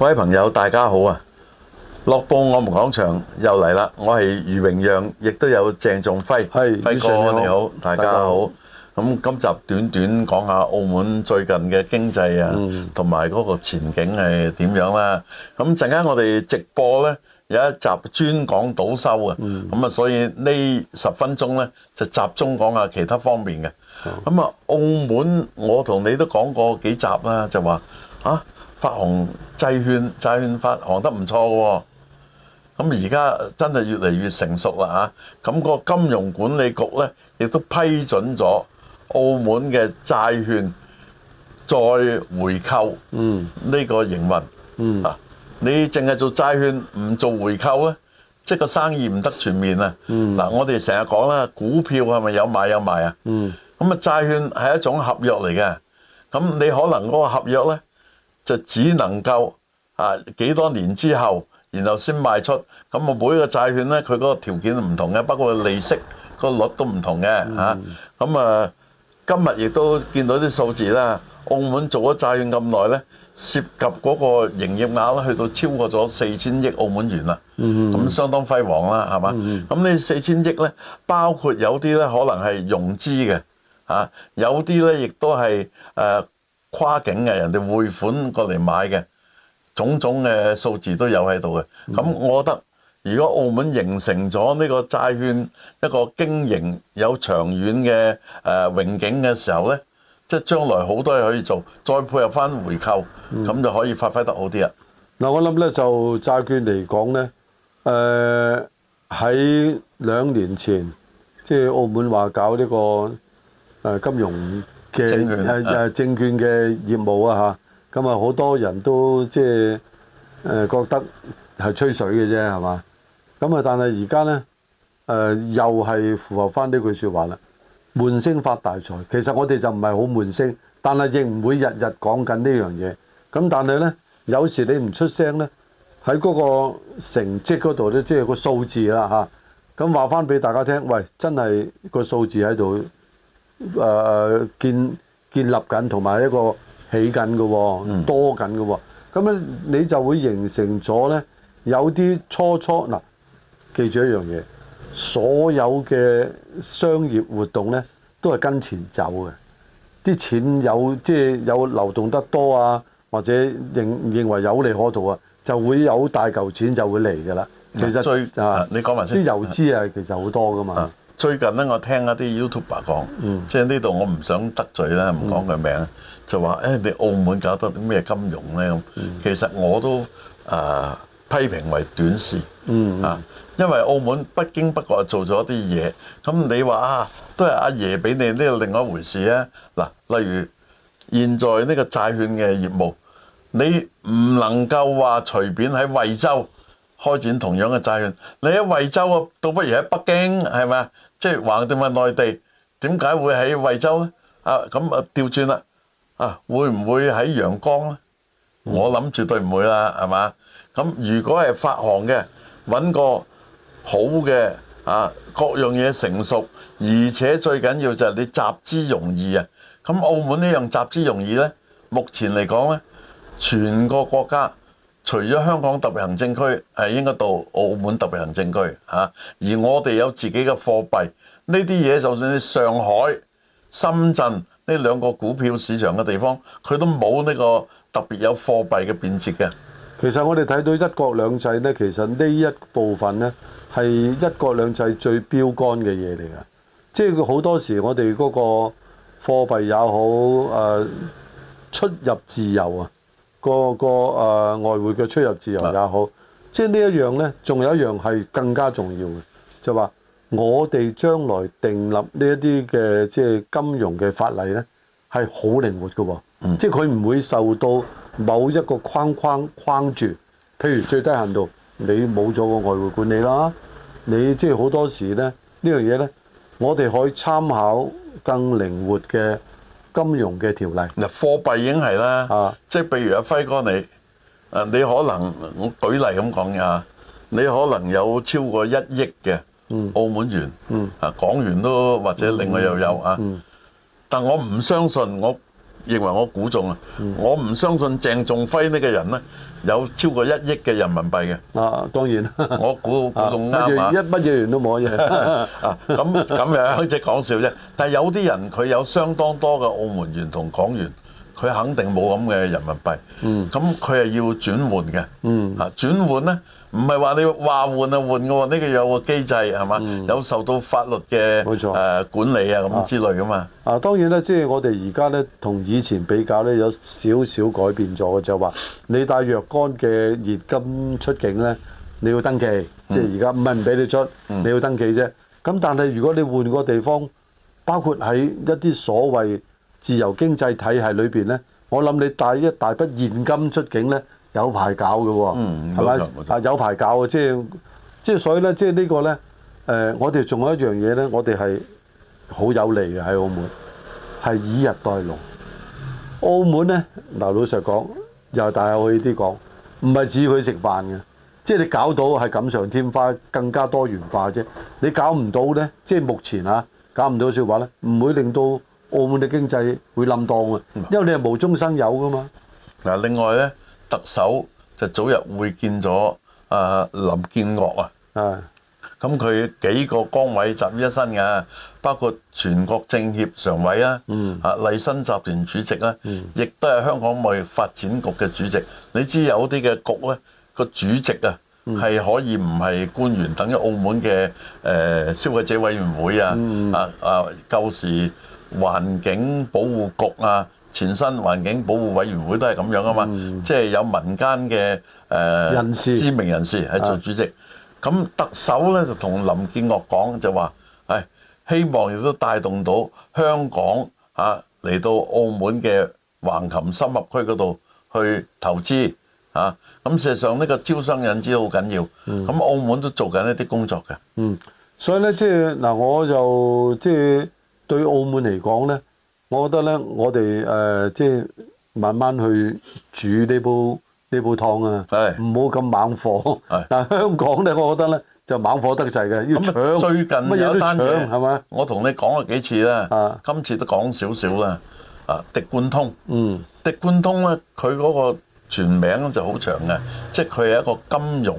各位朋友，大家好啊！樂報，我們講場又嚟啦。我係余榮讓，亦都有鄭仲輝，是輝哥你好，你好，大家好。咁今集短短講下澳門最近嘅經濟啊，同埋嗰個前景係點樣啦、啊？咁陣間我哋直播呢，有一集專講賭收啊。咁啊、嗯，所以呢十分鐘呢，就集中講下其他方面嘅。咁啊、嗯，澳門我同你都講過幾集啦、啊，就話啊。發行債券，債券發行得唔錯喎、哦？咁而家真係越嚟越成熟啦嚇、啊。咁、個金融管理局呢，亦都批准咗澳門嘅債券再回購嗯。嗯，呢個營運嗯啊，你淨係做債券唔做回購呢？即係個生意唔得全面、嗯、啊。嗱，我哋成日講啦，股票係咪有買有賣啊？嗯，咁啊，債券係一種合約嚟嘅，咁你可能嗰個合約呢，就只能夠啊幾多年之後，然後先賣出。咁啊，每一個債券咧，佢嗰個條件唔同嘅，包括利息個率都唔同嘅嚇。咁、嗯、啊，今日亦都見到啲數字啦。澳門做咗債券咁耐咧，涉及嗰個營業額咧，去到超過咗四千億澳門元啦。嗯咁相當輝煌啦，係嘛？咁、嗯、呢四千億咧，包括有啲咧可能係融資嘅嚇，有啲咧亦都係誒。啊啊跨境嘅人哋匯款過嚟買嘅，種種嘅數字都有喺度嘅。咁、嗯、我覺得，如果澳門形成咗呢個債券一個經營有長遠嘅誒榮景嘅時候呢，即係將來好多嘢可以做，再配合翻回購，咁、嗯、就可以發揮得好啲啊！嗱、嗯，我諗呢就債券嚟講呢，誒、呃、喺兩年前，即係澳門話搞呢個金融。嘅誒誒證券嘅業務啊嚇，咁啊好多人都即係誒覺得係吹水嘅啫係嘛，咁啊但係而家咧誒又係符合翻呢句說話啦，悶聲發大財。其實我哋就唔係好悶聲，但係亦唔會日日講緊呢樣嘢。咁但係咧，有時你唔出聲咧，喺嗰個成績嗰度咧，即係個數字啦嚇。咁話翻俾大家聽，喂，真係個數字喺度。誒、呃、建建立緊同埋一個起緊嘅，多緊嘅，咁咧、嗯、你就會形成咗咧，有啲初初嗱、呃，記住一樣嘢，所有嘅商業活動咧都係跟錢走嘅，啲錢有即係有流動得多啊，或者認認為有利可圖啊，就會有大嚿錢就會嚟嘅啦。其實最啊，你講埋先啲遊資啊，其實好多㗎嘛。最近咧，我聽一啲 YouTuber 講，嗯、即係呢度我唔想得罪啦，唔講佢名，嗯、就話誒、哎、你澳門搞多啲咩金融呢？咁、嗯。其實我都誒、呃、批評為短視、嗯嗯、啊，因為澳門不經不覺做咗啲嘢。咁你話啊，都係阿爺俾你呢個另外一回事啊。嗱，例如現在呢個債券嘅業務，你唔能夠話隨便喺惠州開展同樣嘅債券，你喺惠州啊，倒不如喺北京，係咪？即係橫掂喺內地點解會喺惠州呢？啊咁啊調轉啦啊，會唔會喺陽江咧？我諗絕對唔會啦，係嘛？咁、啊、如果係發行嘅，揾個好嘅啊，各樣嘢成熟，而且最緊要就係你集資容易啊。咁、啊、澳門呢樣集資容易呢？目前嚟講呢，全個國家。除咗香港特別行政區係應該到澳門特別行政區嚇、啊，而我哋有自己嘅貨幣，呢啲嘢就算你上海、深圳呢兩個股票市場嘅地方，佢都冇呢個特別有貨幣嘅變折嘅。其實我哋睇到一國兩制呢，其實呢一部分呢係一國兩制最標杆嘅嘢嚟㗎，即係佢好多時我哋嗰個貨幣又好，誒出入自由啊。個個誒外匯嘅出入自由也好的，即係呢一樣呢，仲有一樣係更加重要嘅，就話我哋將來訂立呢一啲嘅即係金融嘅法例呢，係好靈活嘅喎、哦，嗯、即係佢唔會受到某一個框框框住。譬如最低限度，你冇咗個外匯管理啦，你即係好多時呢，呢樣嘢呢，我哋可以參考更靈活嘅。金融嘅條例，嗱貨幣已經係啦，啊、即係譬如阿輝哥你，啊你可能我舉例咁講嘅嚇，你可能有超過一億嘅澳門元，啊、嗯嗯、港元都或者另外又有啊，嗯嗯嗯嗯、但我唔相信我。認為我估中啊！嗯、我唔相信鄭仲輝呢個人咧有超過一億嘅人民幣嘅。啊，當然。我估估中啱啊！一乜嘢元都冇嘅。啊，咁咁、 啊、樣即係講笑啫。但係有啲人佢有相當多嘅澳門元同港元，佢肯定冇咁嘅人民幣。嗯。咁佢係要轉換嘅。嗯。啊，轉換咧。唔係話你話換就換嘅喎，呢、呢個有個機制係嘛，嗯、有受到法律嘅誒冇錯、呃、管理啊咁之類嘅嘛啊。啊，當然咧，即、就、係、是、我哋而家咧同以前比較咧有少少改變咗嘅，就話、是、你帶若干嘅現金出境咧，你要登記，嗯、即係而家唔係唔俾你出，嗯、你要登記啫。咁但係如果你換個地方，包括喺一啲所謂自由經濟體系裏邊咧，我諗你帶一大，大筆現金出境咧。有排搞嘅喎，係咪？啊有排搞嘅，即係即係所以咧，即係呢個咧，誒，我哋仲有一樣嘢咧，我哋係好有利嘅喺澳門，係以逸待勞。澳門咧，嗱老實講，又大可啲講，唔係指佢食飯嘅，即係你搞到係錦上添花，更加多元化嘅啫。你搞唔到咧，即係目前啊，搞唔到，説話咧，唔會令到澳門嘅經濟會冧檔啊，因為你係無中生有噶嘛。嗱，另外咧。特首就早日會見咗啊林建岳啊，咁佢的幾個崗位集於一身嘅，包括全國政協常委啦，啊麗、嗯、新集團主席啊，亦都係香港貿易發展局嘅主席。你知有啲嘅局咧，個主席啊係可以唔係官員，等於澳門嘅誒消費者委員會、嗯嗯、啊，啊啊舊時環境保護局啊。前身環境保護委員會都係咁樣啊嘛，嗯、即係有民間嘅誒、呃、人士知名人士係做主席，咁、嗯、特首咧就同林建岳講就話，誒希望亦都帶動到香港嚇嚟、啊、到澳門嘅橫琴深合區嗰度去投資嚇。咁、啊、事實上呢個招商引資好緊要，咁、嗯、澳門都做緊一啲工作嘅。嗯，所以咧即係嗱，我就即係對澳門嚟講咧。我覺得咧，我哋誒即係慢慢去煮呢煲呢煲湯啊，唔好咁猛火。的但係香港咧，我覺得咧就猛火得滯嘅，要搶，乜嘢都搶，係嘛？我同你講過幾次啦，的今次都講少少啦。啊，迪冠通，嗯，迪冠通咧，佢嗰個全名就好長嘅，嗯、即係佢係一個金融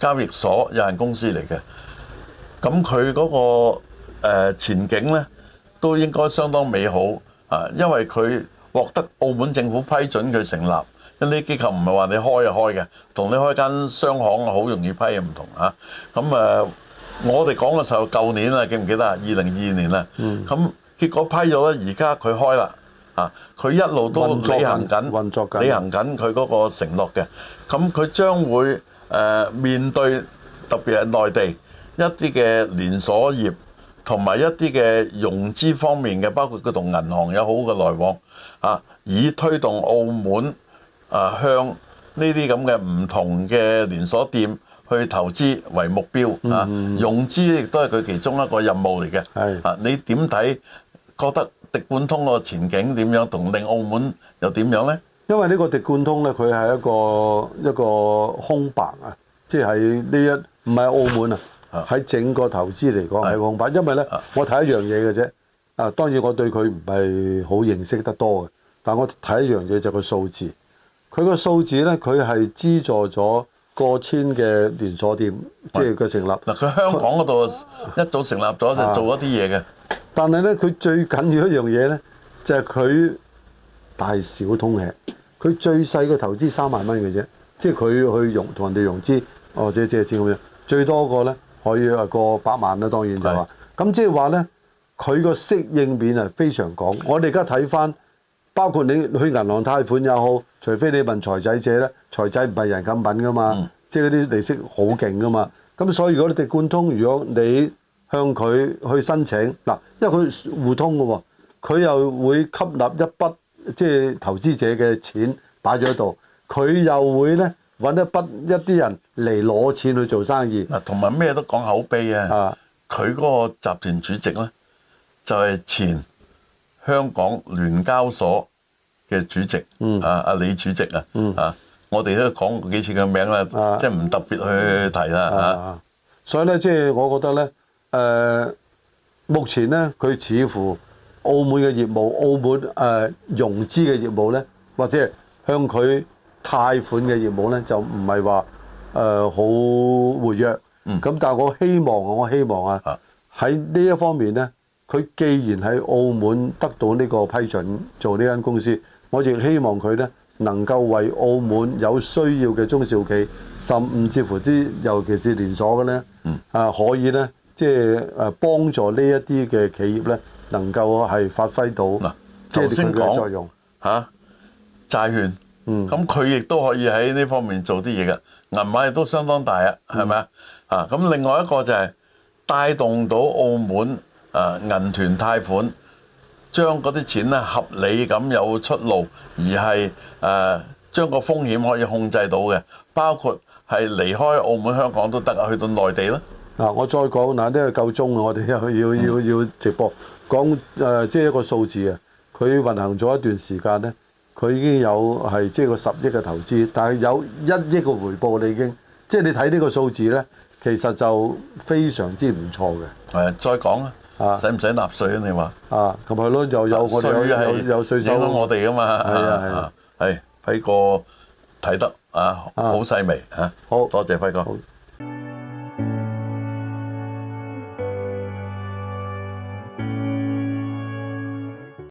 交易所有限公司嚟嘅。咁佢嗰個前景咧、嗯？嗯嗯都應該相當美好啊，因為佢獲得澳門政府批准佢成立，因啲機構唔係話你開就開嘅，同你開間商行好容易批唔同啊。咁啊，我哋講嘅時候舊年，記記年啊，記唔記得啊？二零二二年啊，咁結果批咗，而家佢開啦啊，佢一路都履行緊，運作緊履行緊佢嗰個承諾嘅。咁、啊、佢、啊、將會誒、啊、面對特別係內地一啲嘅連鎖業。同埋一啲嘅融資方面嘅，包括佢同銀行有好嘅來往啊，以推動澳門啊向呢啲咁嘅唔同嘅連鎖店去投資為目標啊，嗯、融資亦都係佢其中一個任務嚟嘅。係的啊，你點睇？覺得迪冠通個前景點樣同令澳門又點樣咧？因為呢個迪冠通咧，佢係一個一個空白啊，即係呢一唔係澳門啊。喺整個投資嚟講，喺個品牌，因為咧，的我睇一樣嘢嘅啫。啊，當然我對佢唔係好認識得多嘅，但我睇一樣嘢就個數字。佢個數字咧，佢係資助咗過千嘅連鎖店，即係佢成立。嗱的，佢香港嗰度他一早成立咗就的做一啲嘢嘅。但係咧，佢最緊要一樣嘢咧，就係、是、佢大小通吃。佢最細嘅投資三萬蚊嘅啫，即係佢去融同人哋融資，哦，即係借錢咁樣。最多個咧。可以啊，過百萬啦、啊，當然就話，咁即係話呢，佢個適應面係非常廣。我哋而家睇翻，包括你去銀行貸款也好，除非你問財仔借呢，財仔唔係人咁品噶嘛，嗯、即係嗰啲利息好勁噶嘛。咁所以如果你哋貫通，如果你向佢去申請，嗱，因為佢互通嘅喎，佢又會吸納一筆即係投資者嘅錢擺咗喺度，佢又會呢。揾一筆一啲人嚟攞錢去做生意。嗱，同埋咩都講口碑啊！佢嗰、啊、個集團主席咧，就係、是、前香港聯交所嘅主席。嗯、啊，阿李主席啊。嗯、啊，我哋都講過幾次嘅名啦，即係唔特別去提啦嚇、啊啊。所以咧，即係我覺得咧，誒、呃，目前咧，佢似乎澳門嘅業務、澳門誒、呃、融資嘅業務咧，或者係向佢。貸款嘅業務咧，就唔係話誒好活躍，咁、嗯、但係我希望，我希望啊喺呢、啊、一方面呢，佢既然喺澳門得到呢個批准做呢間公司，我亦希望佢呢，能夠為澳門有需要嘅中小企，甚至乎啲尤其是連鎖嘅呢，嗯、啊，可以呢，即係誒幫助呢一啲嘅企業呢，能夠係發揮到嘅作用。嗱，頭先講嚇債券。咁佢亦都可以喺呢方面做啲嘢嘅，銀碼亦都相當大，嗯、啊，係咪啊？啊，咁另外一個就係帶動到澳門啊銀團貸款，將嗰啲錢咧合理咁有出路，而係誒將個風險可以控制到嘅，包括係離開澳門香港都得啊，去到內地咯。嗱、啊，我再講嗱，呢個夠鐘啊，我哋又要要、嗯、要直播講誒，即、呃、係、就是、一個數字啊，佢運行咗一段時間咧。佢已經有係即係個十億嘅投資，但係有一億嘅回報，你已經即係你睇呢個數字咧，其實就非常之唔錯嘅。係，再講啊，使唔使納稅啊？你話啊，咁係咯，又有個有有稅收到我哋㗎嘛？係啊係，輝哥睇得啊，好細微啊，好多謝輝哥。